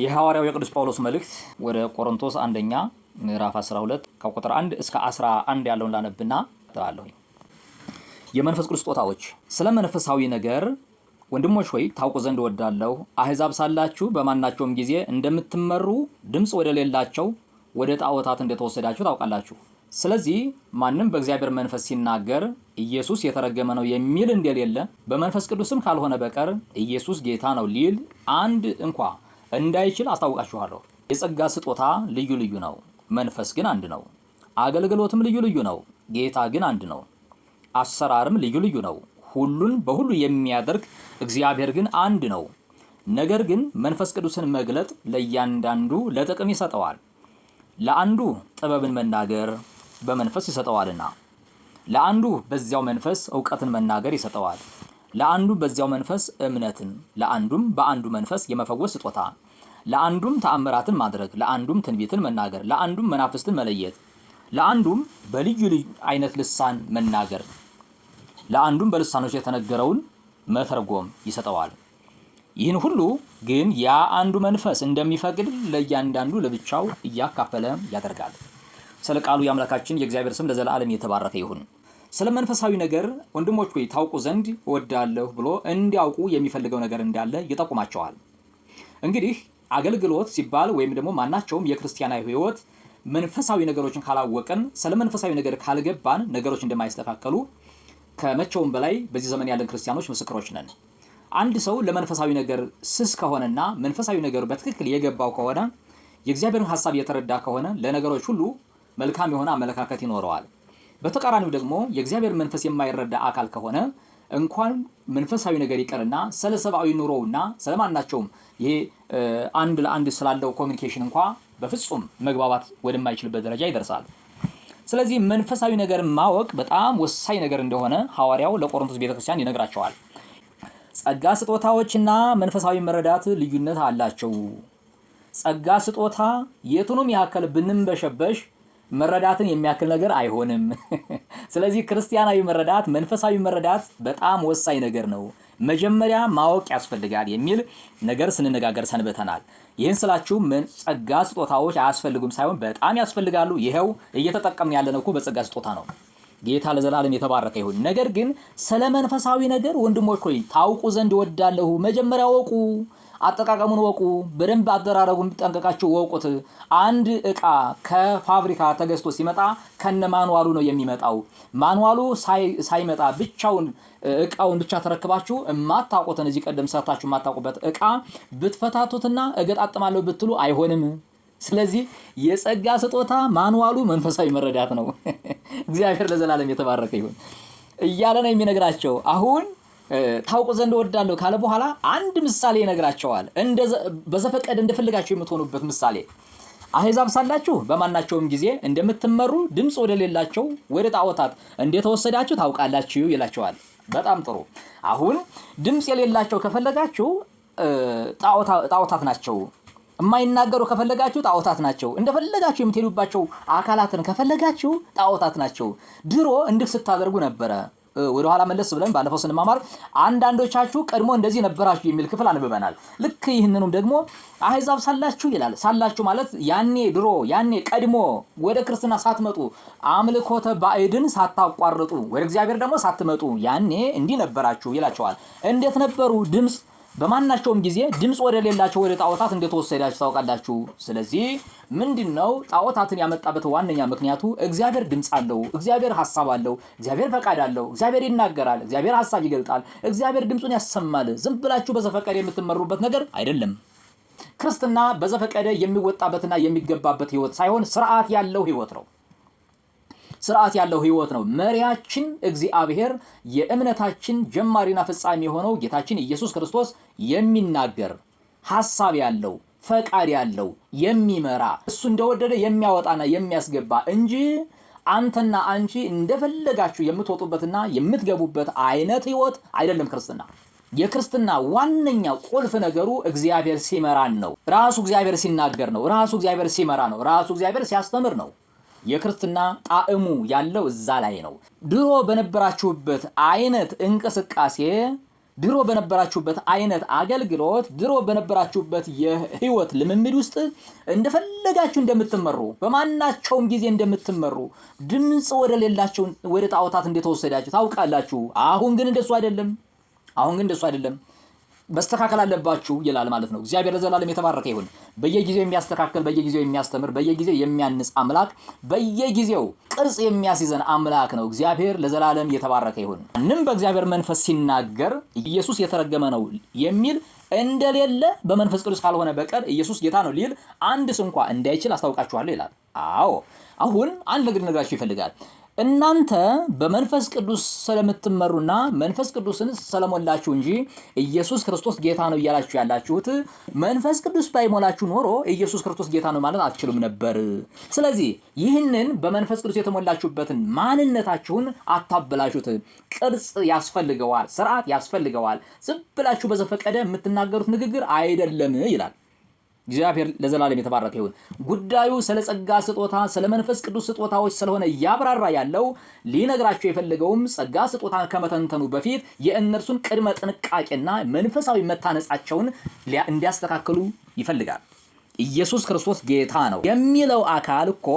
የሐዋርያው የቅዱስ ጳውሎስ መልእክት ወደ ቆሮንቶስ አንደኛ ምዕራፍ 12 ከቁጥር 1 እስከ 11 ያለውን ላነብና ተላለሁኝ። የመንፈስ ቅዱስ ስጦታዎች። ስለ መንፈሳዊ ነገር ወንድሞች ሆይ ታውቁ ዘንድ ወዳለሁ አህዛብ ሳላችሁ በማናቸውም ጊዜ እንደምትመሩ ድምፅ ወደ ሌላቸው ወደ ጣዖታት እንደተወሰዳችሁ ታውቃላችሁ። ስለዚህ ማንም በእግዚአብሔር መንፈስ ሲናገር ኢየሱስ የተረገመ ነው የሚል እንደሌለ፣ በመንፈስ ቅዱስም ካልሆነ በቀር ኢየሱስ ጌታ ነው ሊል አንድ እንኳ እንዳይችል አስታውቃችኋለሁ። የጸጋ ስጦታ ልዩ ልዩ ነው፣ መንፈስ ግን አንድ ነው። አገልግሎትም ልዩ ልዩ ነው፣ ጌታ ግን አንድ ነው። አሰራርም ልዩ ልዩ ነው፣ ሁሉን በሁሉ የሚያደርግ እግዚአብሔር ግን አንድ ነው። ነገር ግን መንፈስ ቅዱስን መግለጥ ለእያንዳንዱ ለጥቅም ይሰጠዋል። ለአንዱ ጥበብን መናገር በመንፈስ ይሰጠዋልና፣ ለአንዱ በዚያው መንፈስ እውቀትን መናገር ይሰጠዋል፣ ለአንዱ በዚያው መንፈስ እምነትን፣ ለአንዱም በአንዱ መንፈስ የመፈወስ ስጦታ ለአንዱም ተአምራትን ማድረግ፣ ለአንዱም ትንቢትን መናገር፣ ለአንዱም መናፍስትን መለየት፣ ለአንዱም በልዩ ልዩ አይነት ልሳን መናገር፣ ለአንዱም በልሳኖች የተነገረውን መተርጎም ይሰጠዋል። ይህን ሁሉ ግን ያ አንዱ መንፈስ እንደሚፈቅድ ለእያንዳንዱ ለብቻው እያካፈለ ያደርጋል። ስለ ቃሉ የአምላካችን የእግዚአብሔር ስም ለዘላለም የተባረከ ይሁን። ስለ መንፈሳዊ ነገር ወንድሞች ሆይ ታውቁ ዘንድ እወዳለሁ ብሎ እንዲያውቁ የሚፈልገው ነገር እንዳለ ይጠቁማቸዋል። እንግዲህ አገልግሎት ሲባል ወይም ደግሞ ማናቸውም የክርስቲያናዊ ህይወት መንፈሳዊ ነገሮችን ካላወቅን ስለ መንፈሳዊ ነገር ካልገባን ነገሮች እንደማይስተካከሉ ከመቼውም በላይ በዚህ ዘመን ያለን ክርስቲያኖች ምስክሮች ነን። አንድ ሰው ለመንፈሳዊ ነገር ስስ ከሆነና መንፈሳዊ ነገር በትክክል የገባው ከሆነ የእግዚአብሔርን ሀሳብ የተረዳ ከሆነ ለነገሮች ሁሉ መልካም የሆነ አመለካከት ይኖረዋል። በተቃራኒው ደግሞ የእግዚአብሔር መንፈስ የማይረዳ አካል ከሆነ እንኳን መንፈሳዊ ነገር ይቀርና ስለ ሰብአዊ ኑሮውና ስለማናቸውም ይሄ አንድ ለአንድ ስላለው ኮሚኒኬሽን እንኳ በፍጹም መግባባት ወደማይችልበት ደረጃ ይደርሳል። ስለዚህ መንፈሳዊ ነገር ማወቅ በጣም ወሳኝ ነገር እንደሆነ ሐዋርያው ለቆሮንቶስ ቤተክርስቲያን ይነግራቸዋል። ጸጋ ስጦታዎችና መንፈሳዊ መረዳት ልዩነት አላቸው። ጸጋ ስጦታ የቱንም ያህል ብንንበሸበሽ መረዳትን የሚያክል ነገር አይሆንም። ስለዚህ ክርስቲያናዊ መረዳት፣ መንፈሳዊ መረዳት በጣም ወሳኝ ነገር ነው። መጀመሪያ ማወቅ ያስፈልጋል የሚል ነገር ስንነጋገር ሰንበተናል። ይህን ስላችሁ ጸጋ ስጦታዎች አያስፈልጉም ሳይሆን በጣም ያስፈልጋሉ። ይኸው እየተጠቀምን ያለነው እኮ በጸጋ ስጦታ ነው። ጌታ ለዘላለም የተባረከ ይሁን። ነገር ግን ስለ መንፈሳዊ ነገር ወንድሞች ሆይ ታውቁ ዘንድ ወዳለሁ። መጀመሪያ ወቁ አጠቃቀሙን ወቁ። በደንብ አደራረጉን ጠንቀቃችሁ ወቁት። አንድ እቃ ከፋብሪካ ተገዝቶ ሲመጣ ከነ ማንዋሉ ነው የሚመጣው። ማንዋሉ ሳይመጣ ብቻውን እቃውን ብቻ ተረክባችሁ የማታውቁትን እዚህ ቀደም ሰርታችሁ የማታውቁበት እቃ ብትፈታቱትና እገጣጥማለሁ ብትሉ አይሆንም። ስለዚህ የጸጋ ስጦታ ማንዋሉ መንፈሳዊ መረዳት ነው። እግዚአብሔር ለዘላለም የተባረከ ይሁን እያለ ነው የሚነግራቸው አሁን ታውቁ ዘንድ እወዳለሁ ካለ በኋላ አንድ ምሳሌ ይነግራቸዋል። በዘፈቀድ እንደፈለጋችሁ የምትሆኑበት ምሳሌ አሕዛብ ሳላችሁ በማናቸውም ጊዜ እንደምትመሩ ድምፅ ወደሌላቸው ወደ ጣዖታት እንደተወሰዳችሁ ታውቃላችሁ ይላቸዋል። በጣም ጥሩ። አሁን ድምፅ የሌላቸው ከፈለጋችሁ ጣዖታት ናቸው። የማይናገሩ ከፈለጋችሁ ጣዖታት ናቸው። እንደፈለጋችሁ የምትሄዱባቸው አካላትን ከፈለጋችሁ ጣዖታት ናቸው። ድሮ እንድ ስታደርጉ ነበረ። ወደ ኋላ መለስ ብለን ባለፈው ስንማማር አንዳንዶቻችሁ ቀድሞ እንደዚህ ነበራችሁ የሚል ክፍል አንብበናል። ልክ ይህንኑም ደግሞ አህዛብ ሳላችሁ ይላል። ሳላችሁ ማለት ያኔ ድሮ፣ ያኔ ቀድሞ ወደ ክርስትና ሳትመጡ አምልኮተ ባዕድን ሳታቋርጡ ወደ እግዚአብሔር ደግሞ ሳትመጡ ያኔ እንዲህ ነበራችሁ ይላቸዋል። እንዴት ነበሩ? ድምፅ በማናቸውም ጊዜ ድምፅ ወደሌላቸው ወደ ጣዖታት እንደተወሰዳችሁ ታውቃላችሁ። ስለዚህ ምንድን ነው ጣዖታትን ያመጣበት ዋነኛ ምክንያቱ እግዚአብሔር ድምፅ አለው፣ እግዚአብሔር ሀሳብ አለው፣ እግዚአብሔር ፈቃድ አለው፣ እግዚአብሔር ይናገራል፣ እግዚአብሔር ሀሳብ ይገልጣል፣ እግዚአብሔር ድምፁን ያሰማል። ዝም ብላችሁ በዘፈቀደ የምትመሩበት ነገር አይደለም። ክርስትና በዘፈቀደ የሚወጣበትና የሚገባበት ህይወት ሳይሆን ስርዓት ያለው ህይወት ነው። ስርዓት ያለው ህይወት ነው። መሪያችን እግዚአብሔር የእምነታችን ጀማሪና ፍጻሜ የሆነው ጌታችን ኢየሱስ ክርስቶስ የሚናገር ሐሳብ ያለው ፈቃድ ያለው የሚመራ እሱ እንደወደደ የሚያወጣና የሚያስገባ እንጂ አንተና አንቺ እንደፈለጋችሁ የምትወጡበትና የምትገቡበት አይነት ህይወት አይደለም ክርስትና። የክርስትና ዋነኛ ቁልፍ ነገሩ እግዚአብሔር ሲመራን ነው። ራሱ እግዚአብሔር ሲናገር ነው። ራሱ እግዚአብሔር ሲመራ ነው። ራሱ እግዚአብሔር ሲያስተምር ነው። የክርስትና ጣዕሙ ያለው እዛ ላይ ነው። ድሮ በነበራችሁበት አይነት እንቅስቃሴ፣ ድሮ በነበራችሁበት አይነት አገልግሎት፣ ድሮ በነበራችሁበት የህይወት ልምምድ ውስጥ እንደፈለጋችሁ እንደምትመሩ፣ በማናቸውም ጊዜ እንደምትመሩ፣ ድምፅ ወደ ሌላቸው ወደ ጣዖታት እንደተወሰዳችሁ ታውቃላችሁ። አሁን ግን እንደሱ አይደለም። አሁን ግን እንደሱ አይደለም። መስተካከል አለባችሁ ይላል ማለት ነው። እግዚአብሔር ለዘላለም የተባረከ ይሁን። በየጊዜው የሚያስተካከል በየጊዜው የሚያስተምር በየጊዜው የሚያንጽ አምላክ፣ በየጊዜው ቅርጽ የሚያስይዘን አምላክ ነው። እግዚአብሔር ለዘላለም የተባረከ ይሁን። ማንም በእግዚአብሔር መንፈስ ሲናገር ኢየሱስ የተረገመ ነው የሚል እንደሌለ በመንፈስ ቅዱስ ካልሆነ በቀር ኢየሱስ ጌታ ነው ሊል አንድ ስንኳ እንዳይችል አስታውቃችኋለሁ ይላል። አዎ አሁን አንድ ነገር ልነግራችሁ ይፈልጋል እናንተ በመንፈስ ቅዱስ ስለምትመሩና መንፈስ ቅዱስን ስለሞላችሁ እንጂ ኢየሱስ ክርስቶስ ጌታ ነው እያላችሁ ያላችሁት መንፈስ ቅዱስ ባይሞላችሁ ኖሮ ኢየሱስ ክርስቶስ ጌታ ነው ማለት አትችሉም ነበር። ስለዚህ ይህንን በመንፈስ ቅዱስ የተሞላችሁበትን ማንነታችሁን አታበላሹት። ቅርጽ ያስፈልገዋል፣ ስርዓት ያስፈልገዋል። ዝም ብላችሁ በዘፈቀደ የምትናገሩት ንግግር አይደለም ይላል። እግዚአብሔር ለዘላለም የተባረከ ይሁን። ጉዳዩ ስለ ጸጋ ስጦታ፣ ስለ መንፈስ ቅዱስ ስጦታዎች ስለሆነ እያብራራ ያለው ሊነግራቸው የፈለገውም ጸጋ ስጦታ ከመተንተኑ በፊት የእነርሱን ቅድመ ጥንቃቄና መንፈሳዊ መታነጻቸውን እንዲያስተካክሉ ይፈልጋል። ኢየሱስ ክርስቶስ ጌታ ነው የሚለው አካል እኮ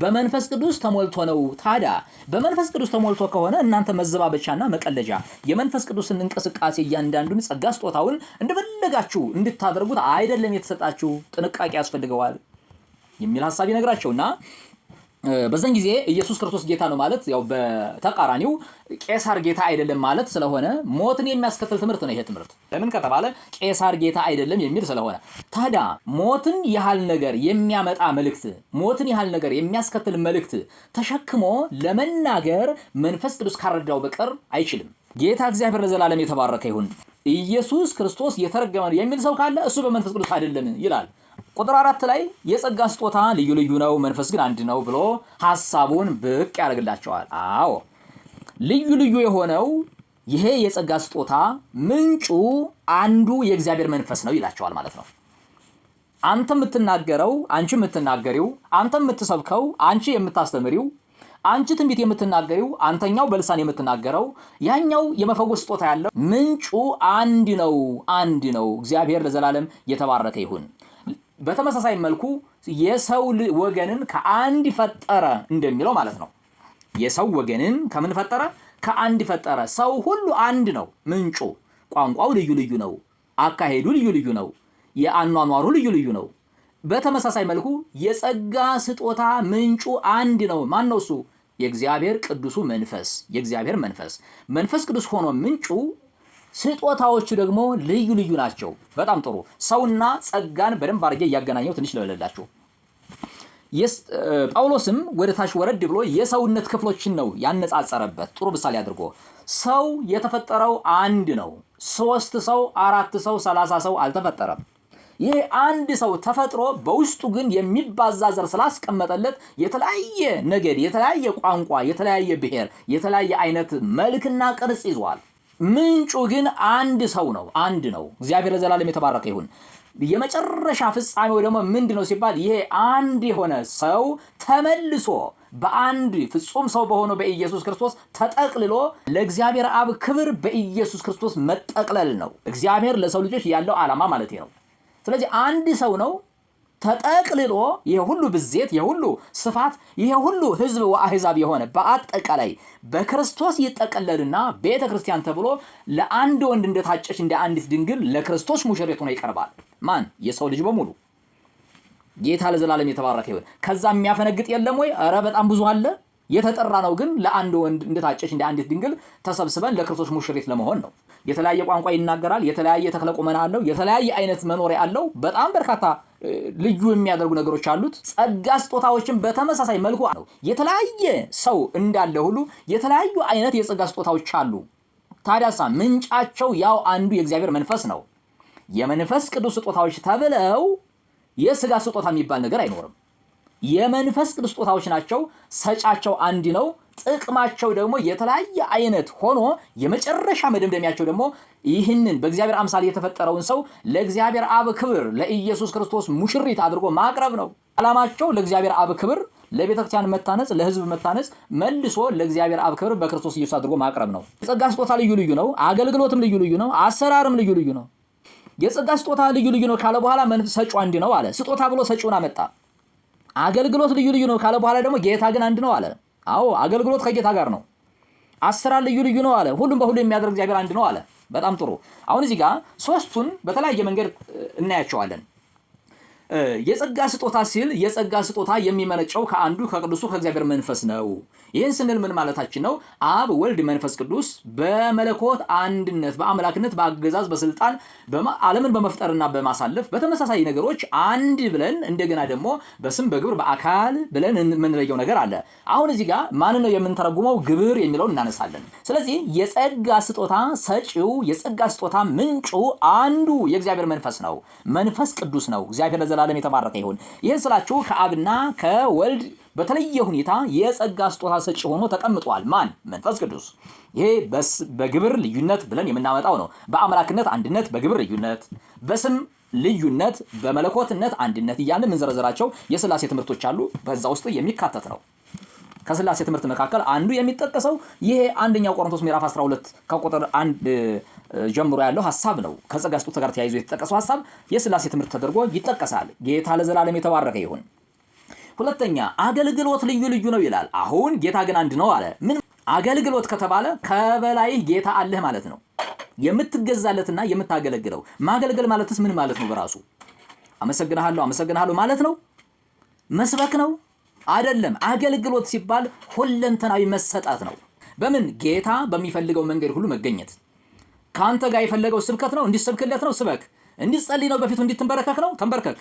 በመንፈስ ቅዱስ ተሞልቶ ነው። ታዲያ በመንፈስ ቅዱስ ተሞልቶ ከሆነ እናንተ መዘባበቻና መቀለጃ የመንፈስ ቅዱስን እንቅስቃሴ እያንዳንዱን ጸጋ ስጦታውን እንደፈለጋችሁ እንድታደርጉት አይደለም የተሰጣችሁ፣ ጥንቃቄ ያስፈልገዋል የሚል ሀሳብ ይነግራቸውና በዛን ጊዜ ኢየሱስ ክርስቶስ ጌታ ነው ማለት ያው በተቃራኒው ቄሳር ጌታ አይደለም ማለት ስለሆነ ሞትን የሚያስከትል ትምህርት ነው ይሄ ትምህርት። ለምን ከተባለ ቄሳር ጌታ አይደለም የሚል ስለሆነ። ታዲያ ሞትን ያህል ነገር የሚያመጣ መልእክት፣ ሞትን ያህል ነገር የሚያስከትል መልእክት ተሸክሞ ለመናገር መንፈስ ቅዱስ ካረዳው በቀር አይችልም። ጌታ እግዚአብሔር ለዘላለም የተባረከ ይሁን። ኢየሱስ ክርስቶስ የተረገመ የሚል ሰው ካለ እሱ በመንፈስ ቅዱስ አይደለም ይላል። ቁጥር አራት ላይ የጸጋ ስጦታ ልዩ ልዩ ነው፣ መንፈስ ግን አንድ ነው ብሎ ሀሳቡን ብቅ ያደርግላቸዋል። አዎ ልዩ ልዩ የሆነው ይሄ የጸጋ ስጦታ ምንጩ አንዱ የእግዚአብሔር መንፈስ ነው ይላቸዋል ማለት ነው። አንተ የምትናገረው፣ አንቺ የምትናገሪው፣ አንተ የምትሰብከው፣ አንቺ የምታስተምሪው፣ አንቺ ትንቢት የምትናገሪው፣ አንተኛው በልሳን የምትናገረው፣ ያኛው የመፈወስ ስጦታ ያለው ምንጩ አንድ ነው፣ አንድ ነው። እግዚአብሔር ለዘላለም የተባረከ ይሁን። በተመሳሳይ መልኩ የሰው ወገንን ከአንድ ፈጠረ እንደሚለው ማለት ነው። የሰው ወገንን ከምን ፈጠረ? ከአንድ ፈጠረ። ሰው ሁሉ አንድ ነው። ምንጩ ቋንቋው ልዩ ልዩ ነው። አካሄዱ ልዩ ልዩ ነው። የአኗኗሩ ልዩ ልዩ ነው። በተመሳሳይ መልኩ የጸጋ ስጦታ ምንጩ አንድ ነው። ማን ነው እሱ? የእግዚአብሔር ቅዱሱ መንፈስ የእግዚአብሔር መንፈስ መንፈስ ቅዱስ ሆኖ ምንጩ ስጦታዎቹ ደግሞ ልዩ ልዩ ናቸው። በጣም ጥሩ ሰውና ጸጋን በደንብ አድርጌ እያገናኘው ትንሽ ለመለላችሁ። ጳውሎስም ወደ ታች ወረድ ብሎ የሰውነት ክፍሎችን ነው ያነጻጸረበት። ጥሩ ምሳሌ አድርጎ ሰው የተፈጠረው አንድ ነው። ሶስት ሰው፣ አራት ሰው፣ ሰላሳ ሰው አልተፈጠረም። ይህ አንድ ሰው ተፈጥሮ በውስጡ ግን የሚባዛ ዘር ስላስቀመጠለት የተለያየ ነገድ፣ የተለያየ ቋንቋ፣ የተለያየ ብሔር፣ የተለያየ አይነት መልክና ቅርጽ ይዟል። ምንጩ ግን አንድ ሰው ነው፣ አንድ ነው። እግዚአብሔር ለዘላለም የተባረከ ይሁን። የመጨረሻ ፍጻሜው ደግሞ ምንድ ነው ሲባል ይሄ አንድ የሆነ ሰው ተመልሶ በአንድ ፍጹም ሰው በሆነው በኢየሱስ ክርስቶስ ተጠቅልሎ ለእግዚአብሔር አብ ክብር በኢየሱስ ክርስቶስ መጠቅለል ነው። እግዚአብሔር ለሰው ልጆች ያለው ዓላማ ማለት ነው። ስለዚህ አንድ ሰው ነው። ተጠቅልሎ የሁሉ ብዜት የሁሉ ስፋት ይሄ ሁሉ ህዝብ ወአህዛብ የሆነ በአጠቃላይ በክርስቶስ ይጠቀለልና ቤተ ክርስቲያን ተብሎ ለአንድ ወንድ እንደታጨች እንደ አንዲት ድንግል ለክርስቶስ ሙሽሪት ሆኖ ይቀርባል። ማን? የሰው ልጅ በሙሉ። ጌታ ለዘላለም የተባረከ ይሁን። ከዛ የሚያፈነግጥ የለም ወይ? ኧረ በጣም ብዙ አለ። የተጠራ ነው ግን ለአንድ ወንድ እንደታጨች እንደ አንዲት ድንግል ተሰብስበን ለክርስቶስ ሙሽሪት ለመሆን ነው። የተለያየ ቋንቋ ይናገራል። የተለያየ ተክለ ቁመና አለው። የተለያየ አይነት መኖሪያ አለው። በጣም በርካታ ልዩ የሚያደርጉ ነገሮች አሉት። ጸጋ ስጦታዎችን በተመሳሳይ መልኩ ነው። የተለያየ ሰው እንዳለ ሁሉ የተለያዩ አይነት የጸጋ ስጦታዎች አሉ። ታዲያሳ ምንጫቸው ያው አንዱ የእግዚአብሔር መንፈስ ነው። የመንፈስ ቅዱስ ስጦታዎች ተብለው የስጋ ስጦታ የሚባል ነገር አይኖርም። የመንፈስ ቅዱስ ስጦታዎች ናቸው። ሰጫቸው አንድ ነው። ጥቅማቸው ደግሞ የተለያየ አይነት ሆኖ የመጨረሻ መደምደሚያቸው ደግሞ ይህንን በእግዚአብሔር አምሳል የተፈጠረውን ሰው ለእግዚአብሔር አብ ክብር ለኢየሱስ ክርስቶስ ሙሽሪት አድርጎ ማቅረብ ነው። ዓላማቸው ለእግዚአብሔር አብ ክብር፣ ለቤተ ክርስቲያን መታነጽ፣ ለሕዝብ መታነጽ፣ መልሶ ለእግዚአብሔር አብ ክብር በክርስቶስ ኢየሱስ አድርጎ ማቅረብ ነው። የጸጋ ስጦታ ልዩ ልዩ ነው። አገልግሎትም ልዩ ልዩ ነው። አሰራርም ልዩ ልዩ ነው። የጸጋ ስጦታ ልዩ ልዩ ነው ካለ በኋላ ሰጩ አንድ ነው አለ። ስጦታ ብሎ ሰጪውን አመጣ። አገልግሎት ልዩ ልዩ ነው ካለ በኋላ ደግሞ ጌታ ግን አንድ ነው አለ። አዎ አገልግሎት ከጌታ ጋር ነው። አሰራር ልዩ ልዩ ነው አለ። ሁሉም በሁሉ የሚያደርግ እግዚአብሔር አንድ ነው አለ። በጣም ጥሩ። አሁን እዚህ ጋር ሶስቱን በተለያየ መንገድ እናያቸዋለን። የጸጋ ስጦታ ሲል የጸጋ ስጦታ የሚመነጨው ከአንዱ ከቅዱሱ ከእግዚአብሔር መንፈስ ነው። ይህን ስንል ምን ማለታችን ነው? አብ፣ ወልድ፣ መንፈስ ቅዱስ በመለኮት አንድነት በአምላክነት በአገዛዝ በስልጣን ዓለምን በመፍጠርና በማሳለፍ በተመሳሳይ ነገሮች አንድ ብለን እንደገና ደግሞ በስም በግብር በአካል ብለን የምንለየው ነገር አለ። አሁን እዚህ ጋር ማን ነው የምንተረጉመው? ግብር የሚለውን እናነሳለን። ስለዚህ የጸጋ ስጦታ ሰጪው የጸጋ ስጦታ ምንጩ አንዱ የእግዚአብሔር መንፈስ ነው። መንፈስ ቅዱስ ነው እግዚአብሔር ለዘላለም የተባረከ ይሁን። ይህን ስላችሁ ከአብና ከወልድ በተለየ ሁኔታ የጸጋ ስጦታ ሰጪ ሆኖ ተቀምጧል። ማን? መንፈስ ቅዱስ። ይሄ በግብር ልዩነት ብለን የምናመጣው ነው። በአምላክነት አንድነት፣ በግብር ልዩነት፣ በስም ልዩነት፣ በመለኮትነት አንድነት እያለ የምንዘረዘራቸው የስላሴ ትምህርቶች አሉ። በዛ ውስጥ የሚካተት ነው። ከስላሴ ትምህርት መካከል አንዱ የሚጠቀሰው ይሄ አንደኛው ቆሮንቶስ ምዕራፍ 12 ከቁጥር 1 ጀምሮ ያለው ሀሳብ ነው። ከጸጋ ስጦታ ጋር ተያይዞ የተጠቀሰው ሀሳብ የስላሴ ትምህርት ተደርጎ ይጠቀሳል። ጌታ ለዘላለም የተባረከ ይሁን። ሁለተኛ አገልግሎት ልዩ ልዩ ነው ይላል። አሁን ጌታ ግን አንድ ነው አለ። ምን አገልግሎት ከተባለ ከበላይህ ጌታ አለህ ማለት ነው። የምትገዛለትና የምታገለግለው ማገልገል ማለትስ ምን ማለት ነው? በራሱ አመሰግናለሁ አመሰግናለሁ ማለት ነው። መስበክ ነው አይደለም። አገልግሎት ሲባል ሁለንተናዊ መሰጣት ነው። በምን ጌታ በሚፈልገው መንገድ ሁሉ መገኘት ከአንተ ጋር የፈለገው ስብከት ነው፣ እንዲሰብክለት ነው፣ ስበክ። እንዲጸልይ ነው፣ በፊቱ እንዲትንበረከክ ነው፣ ተንበርከክ።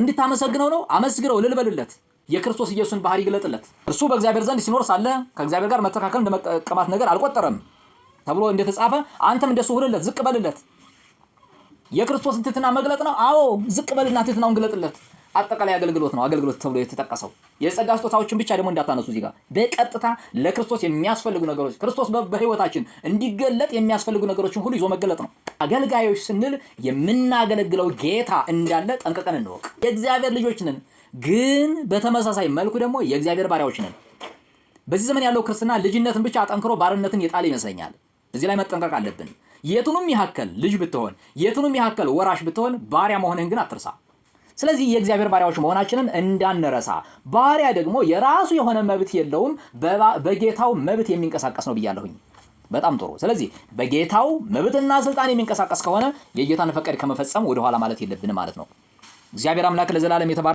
እንዲታመሰግነው ነው፣ አመስግነው፣ ልልበልለት፣ የክርስቶስ ኢየሱስን ባህሪ ይግለጥለት። እርሱ በእግዚአብሔር ዘንድ ሲኖር ሳለ ከእግዚአብሔር ጋር መተካከል እንደመቀማት ነገር አልቆጠረም ተብሎ እንደተጻፈ አንተም እንደሱ ሁንለት፣ ዝቅ በልለት። የክርስቶስን ትሕትና መግለጥ ነው። አዎ ዝቅ በልና ትሕትናውን ግለጥለት። አጠቃላይ አገልግሎት ነው አገልግሎት ተብሎ የተጠቀሰው። የጸጋ ስጦታዎችን ብቻ ደግሞ እንዳታነሱ እዚህ ጋር በቀጥታ ለክርስቶስ የሚያስፈልጉ ነገሮች ክርስቶስ በህይወታችን እንዲገለጥ የሚያስፈልጉ ነገሮችን ሁሉ ይዞ መገለጥ ነው። አገልጋዮች ስንል የምናገለግለው ጌታ እንዳለ ጠንቅቀን እንወቅ። የእግዚአብሔር ልጆች ነን፣ ግን በተመሳሳይ መልኩ ደግሞ የእግዚአብሔር ባሪያዎች ነን። በዚህ ዘመን ያለው ክርስትና ልጅነትን ብቻ አጠንክሮ ባርነትን የጣለ ይመስለኛል። እዚህ ላይ መጠንቀቅ አለብን። የቱንም ያህል ልጅ ብትሆን፣ የቱንም ያህል ወራሽ ብትሆን ባሪያ መሆንህን ግን አትርሳ። ስለዚህ የእግዚአብሔር ባሪያዎች መሆናችንን እንዳንረሳ። ባሪያ ደግሞ የራሱ የሆነ መብት የለውም፣ በጌታው መብት የሚንቀሳቀስ ነው ብያለሁኝ። በጣም ጥሩ። ስለዚህ በጌታው መብትና ስልጣን የሚንቀሳቀስ ከሆነ የጌታን ፈቃድ ከመፈጸም ወደኋላ ማለት የለብን ማለት ነው። እግዚአብሔር አምላክ ለዘላለም የተባ